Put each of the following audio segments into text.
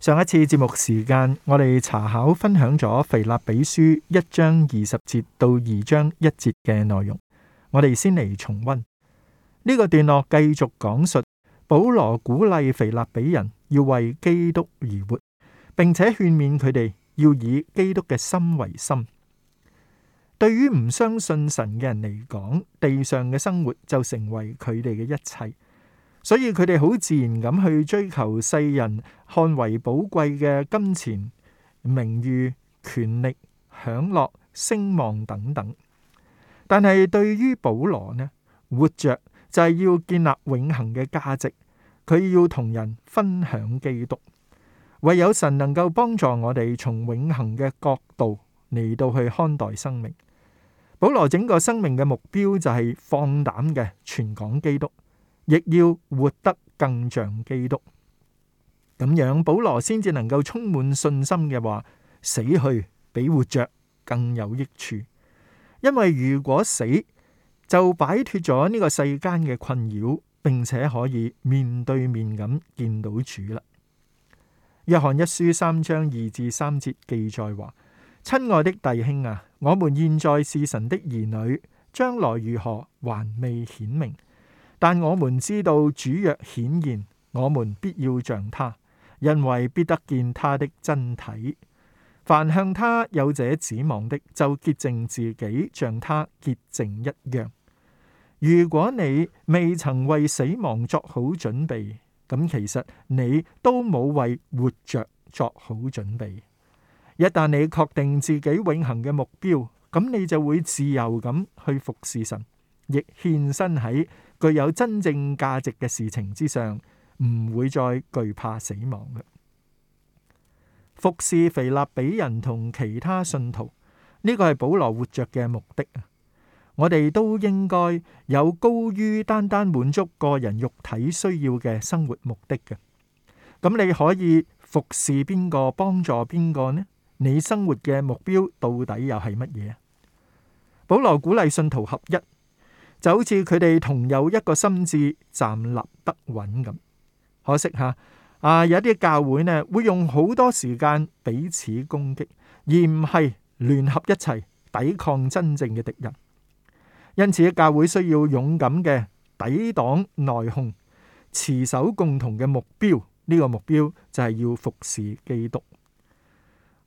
上一次節目時間，我哋查考分享咗腓立比書一章二十節到二章一節嘅內容。我哋先嚟重温呢、這個段落，繼續講述保羅鼓勵腓立比人要為基督而活，並且勸勉佢哋要以基督嘅心為心。對於唔相信神嘅人嚟講，地上嘅生活就成為佢哋嘅一切。所以佢哋好自然咁去追求世人看為寶貴嘅金錢、名譽、權力、享樂、聲望等等。但係對於保羅呢，活着就係要建立永恒嘅價值，佢要同人分享基督。唯有神能夠幫助我哋從永恒嘅角度嚟到去看待生命。保羅整個生命嘅目標就係放膽嘅傳講基督。亦要活得更像基督，咁樣保羅先至能夠充滿信心嘅話，死去比活着更有益處，因為如果死就擺脫咗呢個世間嘅困擾，並且可以面對面咁見到主啦。約翰一書三章二至三節記載話：親愛的弟兄啊，我們現在是神的兒女，將來如何還未顯明。但我們知道主若顯現，我們必要像他，因為必得見他的真體。凡向他有這指望的，就潔淨自己，像他潔淨一樣。如果你未曾為死亡作好準備，咁其實你都冇為活着作好準備。一旦你確定自己永恆嘅目標，咁你就會自由咁去服侍神。亦獻身喺具有真正價值嘅事情之上，唔會再懼怕死亡嘅。服侍腓立比人同其他信徒，呢個係保羅活着嘅目的啊！我哋都應該有高於單單滿足個人肉體需要嘅生活目的嘅。咁你可以服侍邊個，幫助邊個呢？你生活嘅目標到底又係乜嘢？保羅鼓勵信徒合一。就好似佢哋同有一個心智站立得穩咁，可惜吓啊！有啲教會呢，會用好多時間彼此攻擊，而唔係聯合一齊抵抗真正嘅敵人。因此，教會需要勇敢嘅抵擋內訌，持守共同嘅目標。呢個目標就係要服侍基督。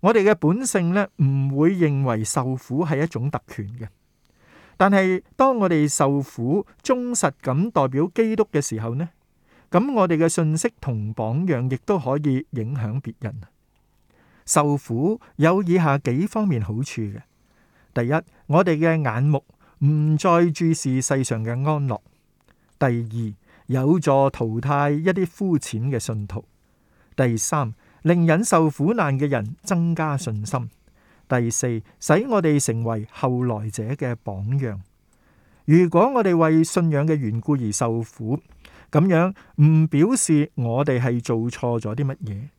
我哋嘅本性呢，唔會認為受苦係一種特權嘅。但係當我哋受苦忠實咁代表基督嘅時候呢，咁我哋嘅信息同榜樣亦都可以影響別人。受苦有以下幾方面好處嘅：第一，我哋嘅眼目唔再注視世上嘅安樂；第二，有助淘汰一啲膚淺嘅信徒；第三，令忍受苦難嘅人增加信心。第四，使我哋成為後來者嘅榜樣。如果我哋為信仰嘅緣故而受苦，咁樣唔表示我哋係做錯咗啲乜嘢，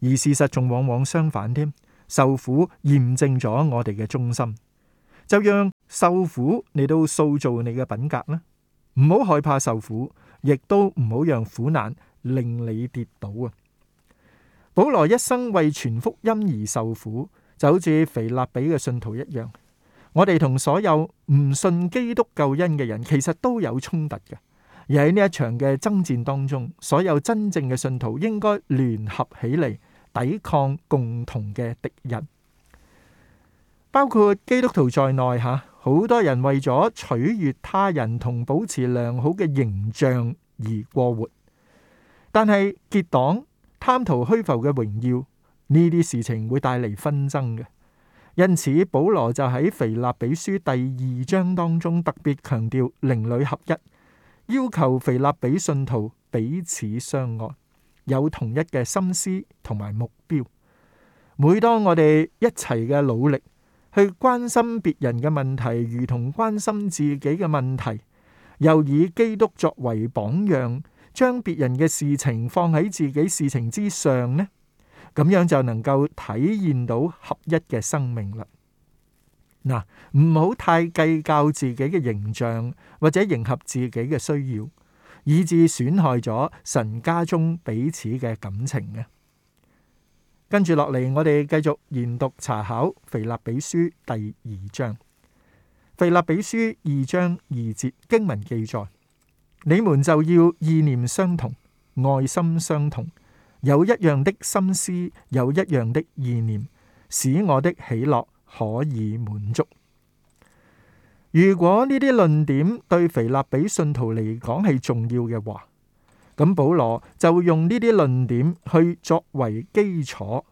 而事實仲往往相反添。受苦驗證咗我哋嘅忠心，就讓受苦嚟到塑造你嘅品格啦。唔好害怕受苦，亦都唔好讓苦難令你跌倒啊！保羅一生為全福音而受苦。就好似腓立比嘅信徒一樣，我哋同所有唔信基督救恩嘅人，其實都有衝突嘅。而喺呢一場嘅爭戰當中，所有真正嘅信徒應該聯合起嚟抵抗共同嘅敵人，包括基督徒在內吓。好多人為咗取悦他人同保持良好嘅形象而過活，但係結黨貪圖虛浮嘅榮耀。呢啲事情會帶嚟紛爭嘅，因此保羅就喺腓立比書第二章當中特別強調靈裏合一，要求腓立比信徒彼此相愛，有同一嘅心思同埋目標。每當我哋一齊嘅努力去關心別人嘅問題，如同關心自己嘅問題，又以基督作為榜樣，將別人嘅事情放喺自己事情之上呢，咁樣就能夠體驗到合一嘅生命啦。嗱，唔好太計較自己嘅形象或者迎合自己嘅需要，以致損害咗神家中彼此嘅感情嘅。跟住落嚟，我哋繼續研讀查考腓立比書第二章。腓立比書二章二節經文記載：你們就要意念相同，愛心相同。有一樣的心思，有一樣的意念，使我的喜樂可以滿足。如果呢啲論點對腓立比信徒嚟講係重要嘅話，咁保羅就用呢啲論點去作為基礎，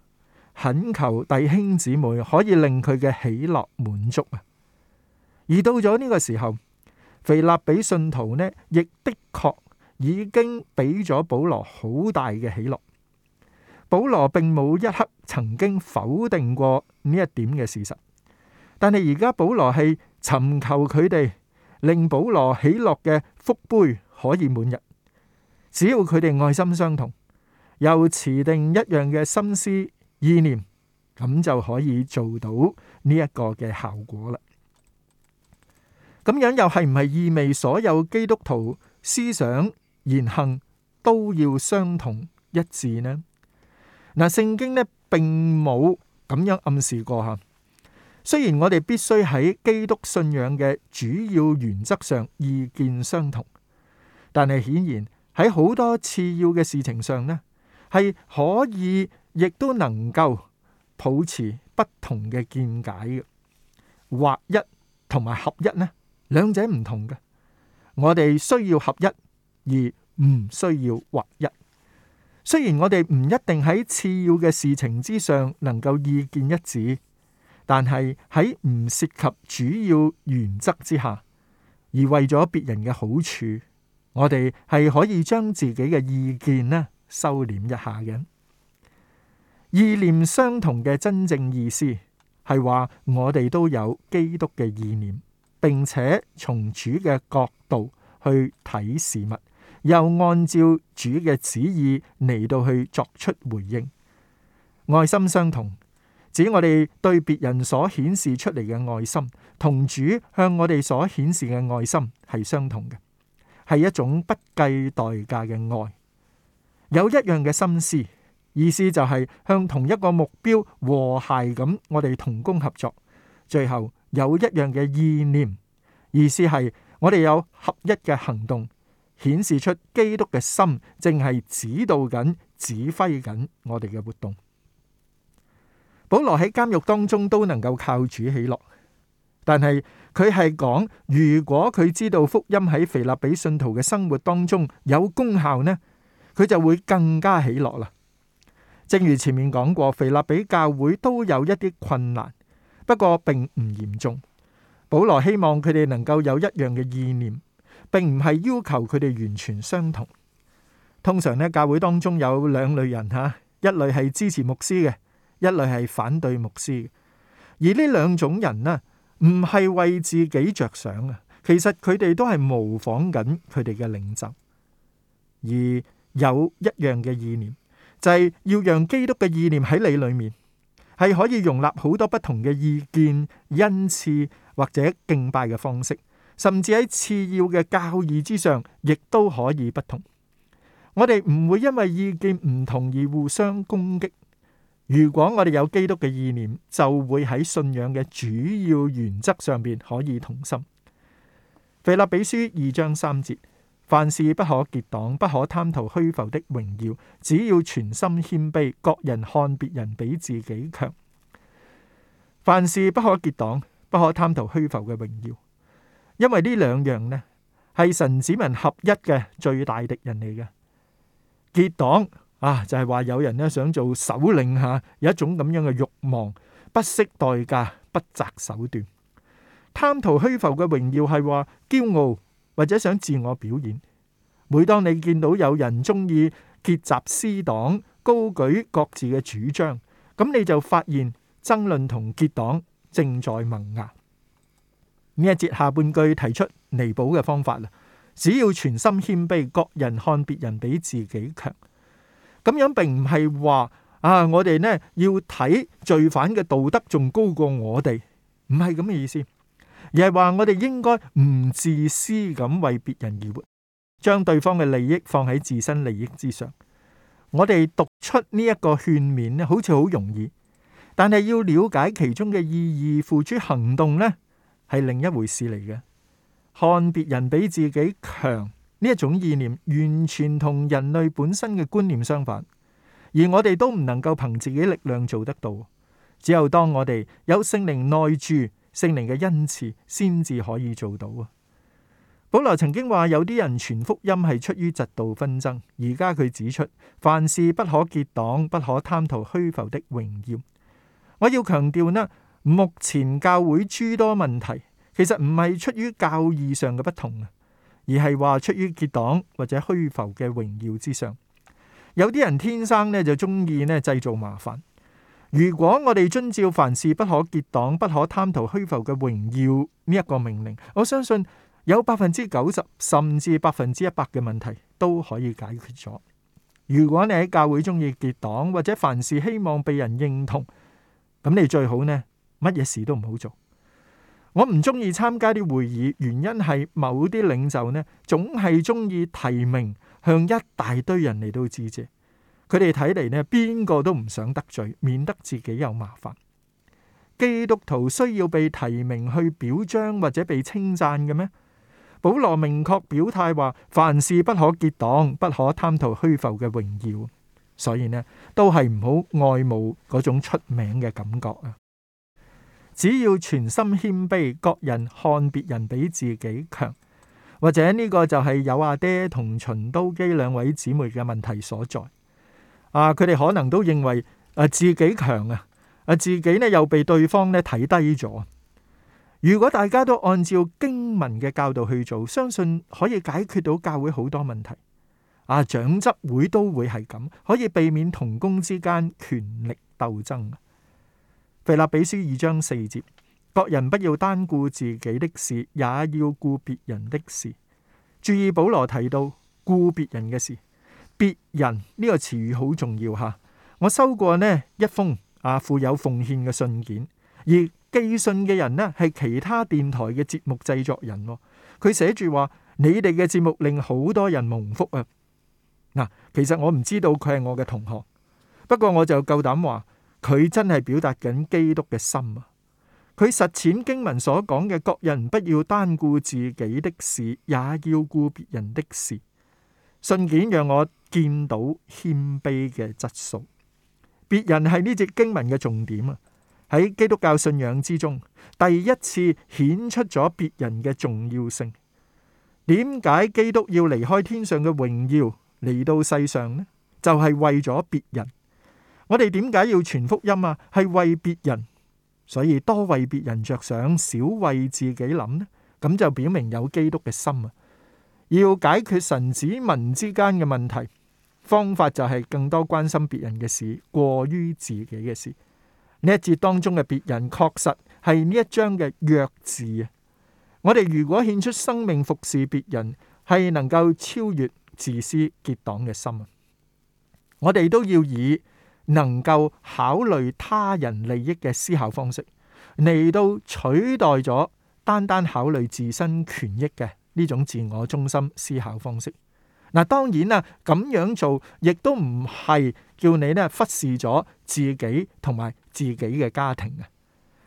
懇求弟兄姊妹可以令佢嘅喜樂滿足啊！而到咗呢個時候，腓立比信徒呢，亦的確已經俾咗保羅好大嘅喜樂。保羅並冇一刻曾經否定過呢一點嘅事實，但係而家保羅係尋求佢哋令保羅喜樂嘅福杯可以滿日，只要佢哋愛心相同，又持定一樣嘅心思意念，咁就可以做到呢一個嘅效果啦。咁樣又係唔係意味所有基督徒思想言行都要相同一致呢？嗱，聖經咧並冇咁樣暗示過嚇。雖然我哋必須喺基督信仰嘅主要原則上意見相同，但係顯然喺好多次要嘅事情上咧，係可以亦都能夠抱持不同嘅見解嘅。劃一同埋合一咧，兩者唔同嘅。我哋需要合一，而唔需要劃一。雖然我哋唔一定喺次要嘅事情之上能夠意見一致，但係喺唔涉及主要原則之下，而為咗別人嘅好處，我哋係可以將自己嘅意見呢收斂一下嘅。意念相同嘅真正意思係話，我哋都有基督嘅意念，並且從主嘅角度去睇事物。又按照主嘅旨意嚟到去作出回應，愛心相同，指我哋對別人所顯示出嚟嘅愛心，同主向我哋所顯示嘅愛心係相同嘅，係一種不計代價嘅愛。有一樣嘅心思，意思就係向同一個目標和諧咁，我哋同工合作。最後有一樣嘅意念，意思係我哋有合一嘅行動。顯示出基督嘅心正係指導緊、指揮緊我哋嘅活動。保羅喺監獄當中都能夠靠主喜樂，但係佢係講，如果佢知道福音喺腓立比信徒嘅生活當中有功效呢，佢就會更加喜樂啦。正如前面講過，腓立比教會都有一啲困難，不過並唔嚴重。保羅希望佢哋能夠有一樣嘅意念。並唔係要求佢哋完全相同。通常呢，教會當中有兩類人吓，一類係支持牧師嘅，一類係反對牧師嘅。而呢兩種人呢，唔係為自己着想啊，其實佢哋都係模仿緊佢哋嘅領袖，而有一樣嘅意念，就係要讓基督嘅意念喺你裏面，係可以容納好多不同嘅意見、恩賜或者敬拜嘅方式。甚至喺次要嘅教義之上，亦都可以不同。我哋唔會因為意見唔同而互相攻擊。如果我哋有基督嘅意念，就會喺信仰嘅主要原則上邊可以同心。腓立比書二章三節：凡事不可結黨，不可貪圖虛浮的榮耀，只要全心謙卑，各人看別人比自己強。凡事不可結黨，不可貪圖虛浮嘅榮耀。因為呢兩樣咧，係神子民合一嘅最大敵人嚟嘅。結黨啊！就係話有人咧想做首領吓，有一種咁樣嘅慾望，不惜代價，不擇手段，貪圖虛浮嘅榮耀，係話驕傲或者想自我表演。每當你見到有人中意結集私黨，高舉各自嘅主張，咁你就發現爭論同結黨正在萌芽。呢一節下半句提出彌補嘅方法啦，只要全心謙卑，各人看別人比自己強，咁樣並唔係話啊，我哋呢要睇罪犯嘅道德仲高過我哋，唔係咁嘅意思，而係話我哋應該唔自私咁為別人而活，將對方嘅利益放喺自身利益之上。我哋讀出呢一個勸勉咧，好似好容易，但係要了解其中嘅意義，付出行動咧。係另一回事嚟嘅，看別人比自己強呢一種意念，完全同人類本身嘅觀念相反，而我哋都唔能夠憑自己力量做得到。只有當我哋有聖靈內住，聖靈嘅恩慈先至可以做到啊！保羅曾經話有啲人傳福音係出於嫉妒紛爭，而家佢指出，凡事不可結黨，不可貪圖虛浮的榮耀。我要強調呢。目前教會諸多問題，其實唔係出於教義上嘅不同，而係話出於結黨或者虛浮嘅榮耀之上。有啲人天生咧就中意咧製造麻煩。如果我哋遵照凡事不可結黨、不可貪圖虛浮嘅榮耀呢一個命令，我相信有百分之九十甚至百分之一百嘅問題都可以解決咗。如果你喺教會中意結黨或者凡事希望被人認同，咁你最好呢，乜嘢事都唔好做。我唔中意參加啲會議，原因係某啲領袖呢，總係中意提名向一大堆人嚟到致謝。佢哋睇嚟呢，邊個都唔想得罪，免得自己有麻煩。基督徒需要被提名去表彰或者被稱讚嘅咩？保羅明確表態話，凡事不可結黨，不可貪圖虛浮嘅榮耀。所以呢，都係唔好愛慕嗰種出名嘅感覺啊！只要全心謙卑，各人看別人比自己強，或者呢個就係友阿爹同循都基兩位姊妹嘅問題所在啊！佢哋可能都認為啊自己強啊啊自己呢又被對方呢睇低咗。如果大家都按照經文嘅教導去做，相信可以解決到教會好多問題啊！長執會都會係咁，可以避免同工之間權力鬥爭。腓立比書二章四節，各人不要單顧自己的事，也要顧別人的事。注意保羅提到顧別人嘅事，別人呢個詞語好重要吓。我收過呢一封啊富有奉獻嘅信件，而寄信嘅人呢係其他電台嘅節目製作人。佢寫住話：你哋嘅節目令好多人蒙福啊！嗱，其實我唔知道佢係我嘅同學，不過我就夠膽話。佢真係表達緊基督嘅心啊！佢實踐經文所講嘅，各人不要單顧自己的事，也要顧別人的事。信件讓我見到謙卑嘅質素。別人係呢節經文嘅重點啊！喺基督教信仰之中，第一次顯出咗別人嘅重要性。點解基督要離開天上嘅榮耀嚟到世上呢？就係為咗別人。我哋點解要傳福音啊？係為別人，所以多為別人着想，少為自己諗呢？咁就表明有基督嘅心啊！要解決神子民之間嘅問題，方法就係更多關心別人嘅事，過於自己嘅事。呢一節當中嘅別人，確實係呢一章嘅鑰字啊！我哋如果獻出生命服侍別人，係能夠超越自私結黨嘅心啊！我哋都要以。能夠考慮他人利益嘅思考方式，嚟到取代咗單單考慮自身權益嘅呢種自我中心思考方式。嗱，當然啦，咁樣做亦都唔係叫你咧忽視咗自己同埋自己嘅家庭啊。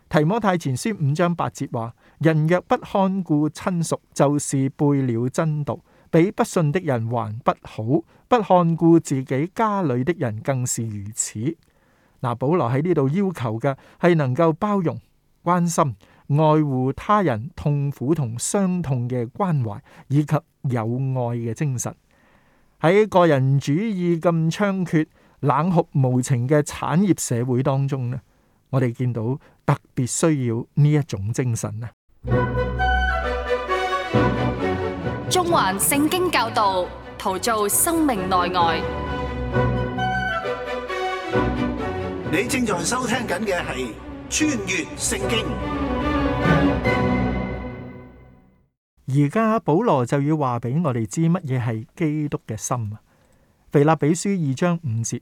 《提摩太前書》五章八節話：人若不看顧親屬，就是背了真道。比不信的人還不好，不看顧自己家裏的人更是如此。嗱，保羅喺呢度要求嘅係能夠包容、關心、愛護他人痛苦同傷痛嘅關懷，以及友愛嘅精神。喺個人主義咁猖獗、冷酷無情嘅產業社會當中呢，我哋見到特別需要呢一種精神啊！中環聖經教導，陶造生命內外。你正在收聽緊嘅係《穿越聖經》。而家保羅就要話俾我哋知乜嘢係基督嘅心啊？腓立比書二章五節：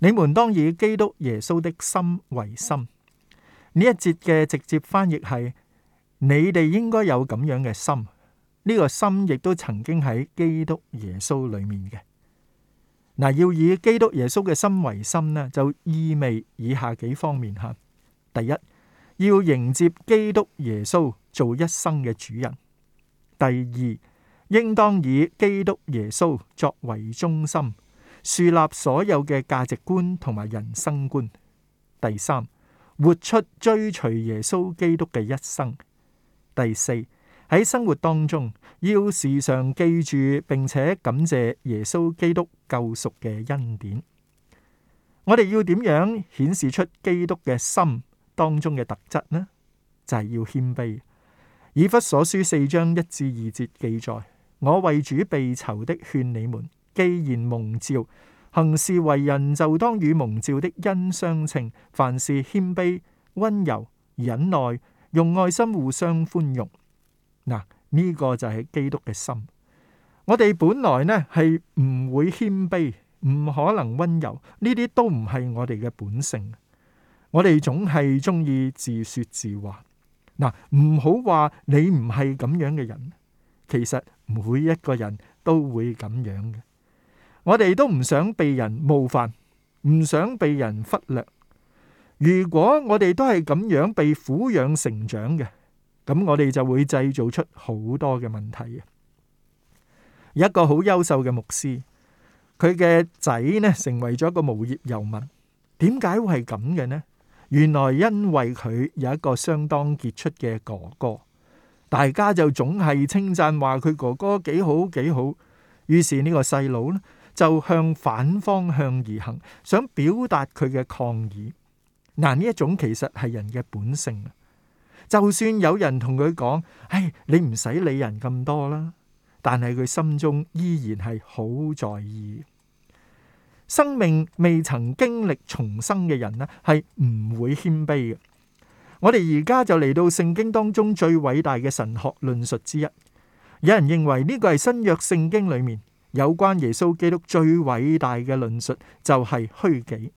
你們當以基督耶穌的心為心。呢一節嘅直接翻譯係：你哋應該有咁樣嘅心。呢個心亦都曾經喺基督耶穌裏面嘅。嗱，要以基督耶穌嘅心為心呢，就意味以下幾方面吓：第一，要迎接基督耶穌做一生嘅主人；第二，應當以基督耶穌作為中心，樹立所有嘅價值觀同埋人生觀；第三，活出追隨耶穌基督嘅一生；第四。喺生活當中要時常記住，並且感謝耶穌基督救贖嘅恩典。我哋要點樣顯示出基督嘅心當中嘅特質呢？就係、是、要謙卑。以弗所書四章一至二節記載：我為主被囚的勸你們，既然蒙召，行事為人就當與蒙召的恩相稱。凡事謙卑、溫柔、忍耐，用愛心互相寬容。嗱，呢個就係基督嘅心。我哋本來呢係唔會謙卑，唔可能溫柔，呢啲都唔係我哋嘅本性。我哋總係中意自說自話。嗱，唔好話你唔係咁樣嘅人，其實每一個人都會咁樣嘅。我哋都唔想被人冒犯，唔想被人忽略。如果我哋都係咁樣被撫養成長嘅。咁我哋就會製造出好多嘅問題啊！有一個好優秀嘅牧師，佢嘅仔呢成為咗一個無業遊民。點解會係咁嘅呢？原來因為佢有一個相當傑出嘅哥哥，大家就總係稱讚話佢哥哥幾好幾好。於是呢個細佬呢就向反方向而行，想表達佢嘅抗議。嗱，呢一種其實係人嘅本性啊！就算有人同佢講，唉、哎，你唔使理人咁多啦，但係佢心中依然係好在意。生命未曾經歷重生嘅人呢，係唔會謙卑嘅。我哋而家就嚟到聖經當中最偉大嘅神學論述之一。有人認為呢個係新約聖經裏面有關耶穌基督最偉大嘅論述，就係虛己。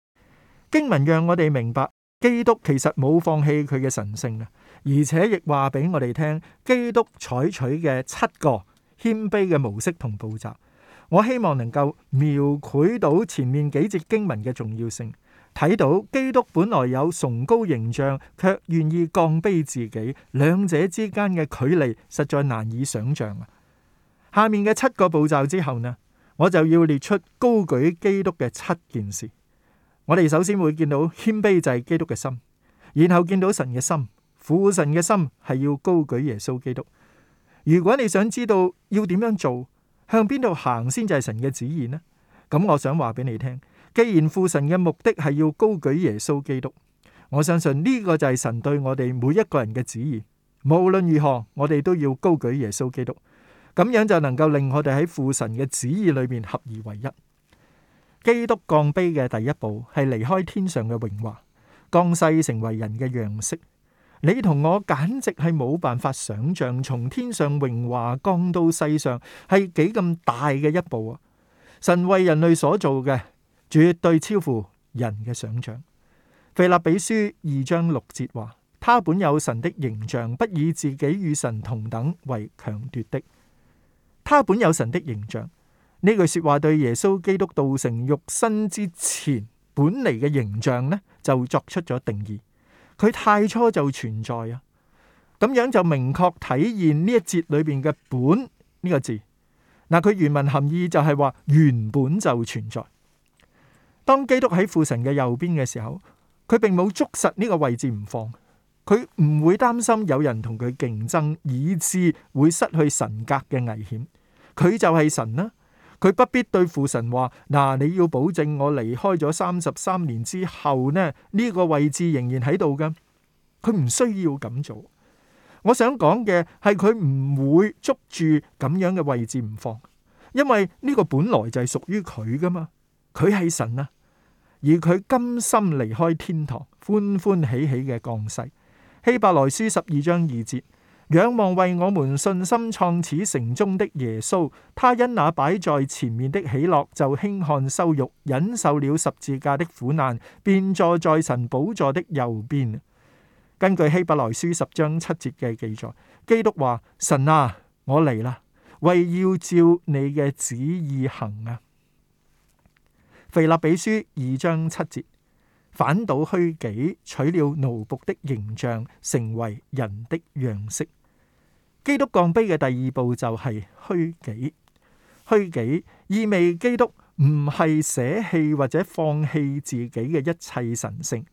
經文讓我哋明白基督其實冇放棄佢嘅神聖嘅。而且亦話俾我哋聽，基督採取嘅七個謙卑嘅模式同步驟。我希望能夠描繪到前面幾節經文嘅重要性，睇到基督本來有崇高形象，卻願意降卑自己，兩者之間嘅距離實在難以想象啊！下面嘅七個步驟之後呢，我就要列出高舉基督嘅七件事。我哋首先會見到謙卑就係基督嘅心，然後見到神嘅心。父神嘅心係要高舉耶穌基督。如果你想知道要點樣做，向邊度行先就係神嘅旨意呢？咁我想話俾你聽，既然父神嘅目的係要高舉耶穌基督，我相信呢個就係神對我哋每一個人嘅旨意。無論如何，我哋都要高舉耶穌基督，咁樣就能夠令我哋喺父神嘅旨意裏面合而為一。基督降卑嘅第一步係離開天上嘅榮華，降世成為人嘅樣式。你同我簡直係冇辦法想象，從天上榮華降到世上係幾咁大嘅一步啊！神為人類所做嘅絕對超乎人嘅想象。腓立比書二章六節話：他本有神的形象，不以自己與神同等為強奪的。他本有神的形象，呢句說話對耶穌基督道成肉身之前本嚟嘅形象呢，就作出咗定義。佢太初就存在啊，咁樣就明確體現呢一節裏邊嘅本呢個字。嗱，佢原文含義就係話原本就存在。當基督喺父神嘅右邊嘅時候，佢並冇捉實呢個位置唔放，佢唔會擔心有人同佢競爭，以致會失去神格嘅危險。佢就係神啦。佢不必對父神話，嗱，你要保證我離開咗三十三年之後呢，呢個位置仍然喺度嘅，佢唔需要咁做。我想講嘅係佢唔會捉住咁樣嘅位置唔放，因為呢個本來就係屬於佢噶嘛，佢係神啊，而佢甘心離開天堂，歡歡喜喜嘅降世。希伯來書十二章二節。仰望為我們信心創始成終的耶穌，他因那擺在前面的喜樂，就輕看羞辱，忍受了十字架的苦難，便坐在神寶座的右邊。根據希伯來書十章七節嘅記載，基督話：神啊，我嚟啦，為要照你嘅旨意行啊。腓立比書二章七節。反倒虛己，取了奴僕的形象，成為人的樣式。基督降卑嘅第二步就係虛己，虛己意味基督唔係捨棄或者放棄自己嘅一切神性，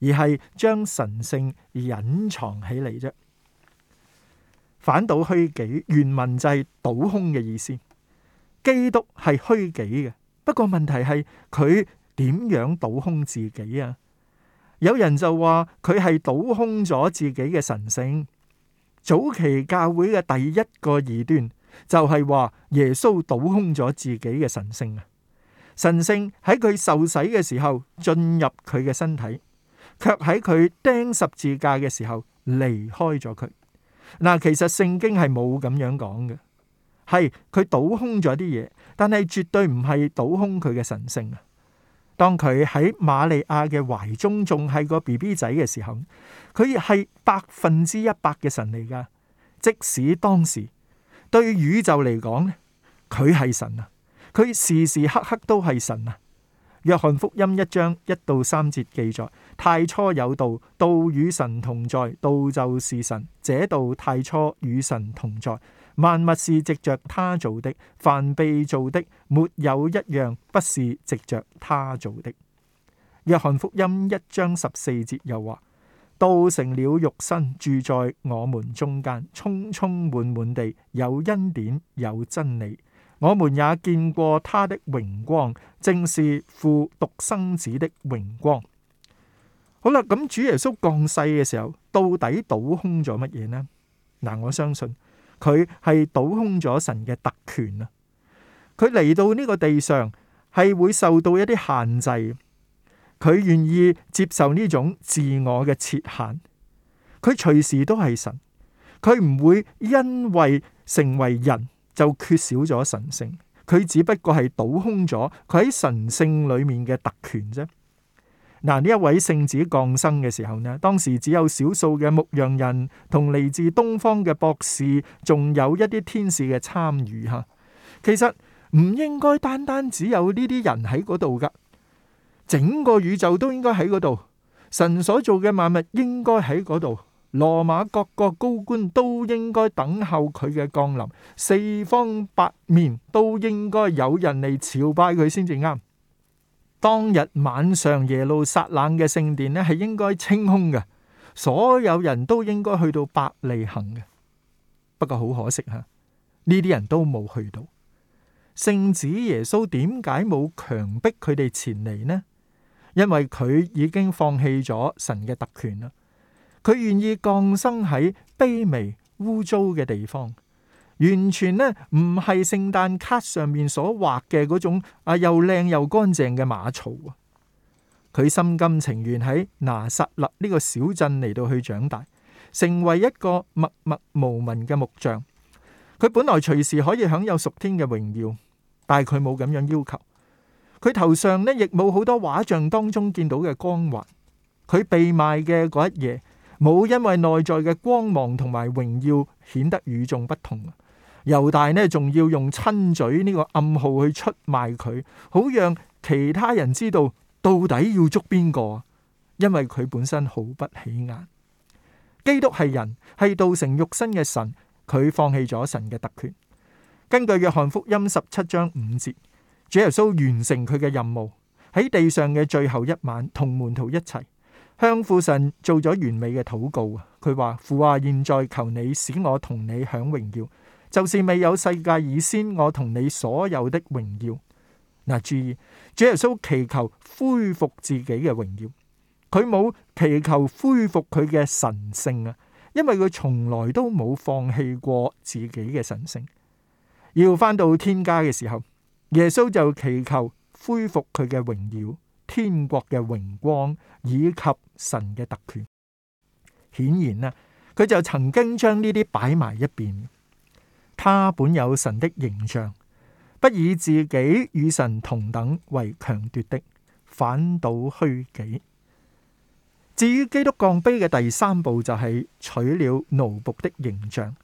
而係將神性隱藏起嚟啫。反倒虛己，原文就係倒空嘅意思。基督係虛己嘅，不過問題係佢，點樣倒空自己啊？有人就話佢係倒空咗自己嘅神性。早期教會嘅第一個異端就係、是、話耶穌倒空咗自己嘅神性啊。神性喺佢受洗嘅時候進入佢嘅身體，卻喺佢釘十字架嘅時候離開咗佢嗱。其實聖經係冇咁樣講嘅，係佢倒空咗啲嘢，但係絕對唔係倒空佢嘅神性啊。當佢喺瑪利亞嘅懷中，仲係個 B B 仔嘅時候，佢係百分之一百嘅神嚟噶。即使當時對宇宙嚟講，佢係神啊，佢時時刻刻都係神啊。約翰福音一章一到三節記載：太初有道，道與神同在，道就是神，這道太初與神同在。萬物是藉着他做的，凡被做的，沒有一樣不是藉着他做的。約翰福音一章十四節又話：道成了肉身，住在我們中間，充充滿滿地，有恩典，有真理。我們也見過他的榮光，正是父獨生子的榮光。嗯、好啦，咁主耶穌降世嘅時候到底倒空咗乜嘢呢？嗱、啊，我相信。佢係倒空咗神嘅特權啊！佢嚟到呢個地上係會受到一啲限制，佢願意接受呢種自我嘅設限。佢隨時都係神，佢唔會因為成為人就缺少咗神聖。佢只不過係倒空咗佢喺神聖裏面嘅特權啫。嗱，呢一位聖子降生嘅時候呢，當時只有少數嘅牧羊人同嚟自東方嘅博士，仲有一啲天使嘅參與吓。其實唔應該單單只有呢啲人喺嗰度㗎，整個宇宙都應該喺嗰度。神所做嘅萬物應該喺嗰度，羅馬各個高官都應該等候佢嘅降臨，四方八面都應該有人嚟朝拜佢先至啱。當日晚上耶路撒冷嘅聖殿咧，係應該清空嘅，所有人都應該去到伯利恆嘅。不過好可惜吓，呢啲人都冇去到。聖子耶穌點解冇強迫佢哋前嚟呢？因為佢已經放棄咗神嘅特權啦，佢願意降生喺卑微污糟嘅地方。完全呢，唔係聖誕卡上面所畫嘅嗰種啊，又靚又乾淨嘅馬槽啊！佢心甘情願喺拿撒勒呢個小鎮嚟到去長大，成為一個默默無聞嘅木匠。佢本來隨時可以享有屬天嘅榮耀，但係佢冇咁樣要求。佢頭上呢，亦冇好多畫像當中見到嘅光環。佢被賣嘅嗰一夜，冇因為內在嘅光芒同埋榮耀顯得與眾不同。猶大呢，仲要用親嘴呢個暗號去出賣佢，好讓其他人知道到底要捉邊個啊。因為佢本身好不起眼。基督係人，係道成肉身嘅神，佢放棄咗神嘅特權。根據約翰福音十七章五節，主耶穌完成佢嘅任務，喺地上嘅最後一晚，同門徒一齊向父神做咗完美嘅禱告。佢話，父啊，現在求你使我同你享榮耀。就是未有世界以先，我同你所有的榮耀。嗱，注意，主耶穌祈求恢復自己嘅榮耀，佢冇祈求恢復佢嘅神聖啊，因為佢從來都冇放棄過自己嘅神聖。要翻到天家嘅時候，耶穌就祈求恢復佢嘅榮耀、天國嘅榮光以及神嘅特權。顯然啊，佢就曾經將呢啲擺埋一邊。他本有神的形象，不以自己與神同等為強奪的，反倒虛己。至於基督降卑嘅第三步就係取了奴僕的形象。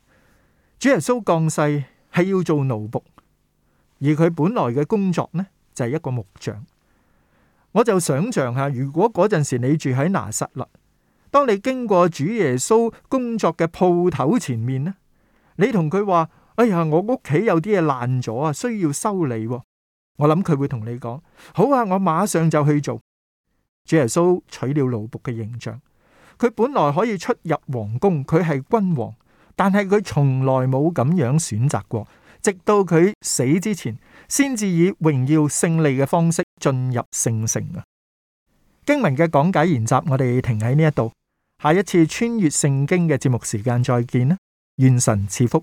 主耶穌降世係要做奴僕，而佢本來嘅工作呢就係、是、一個木匠。我就想象下，如果嗰陣時你住喺拿撒勒，當你經過主耶穌工作嘅鋪頭前面呢，你同佢話。哎呀，我屋企有啲嘢爛咗啊，需要修理喎。我諗佢會同你講，好啊，我馬上就去做。主耶穌取了奴僕嘅形象，佢本來可以出入皇宮，佢係君王，但係佢從來冇咁樣選擇過，直到佢死之前，先至以榮耀勝利嘅方式進入聖城啊！經文嘅講解研習，我哋停喺呢一度，下一次穿越聖經嘅節目時間再見啦！願神賜福。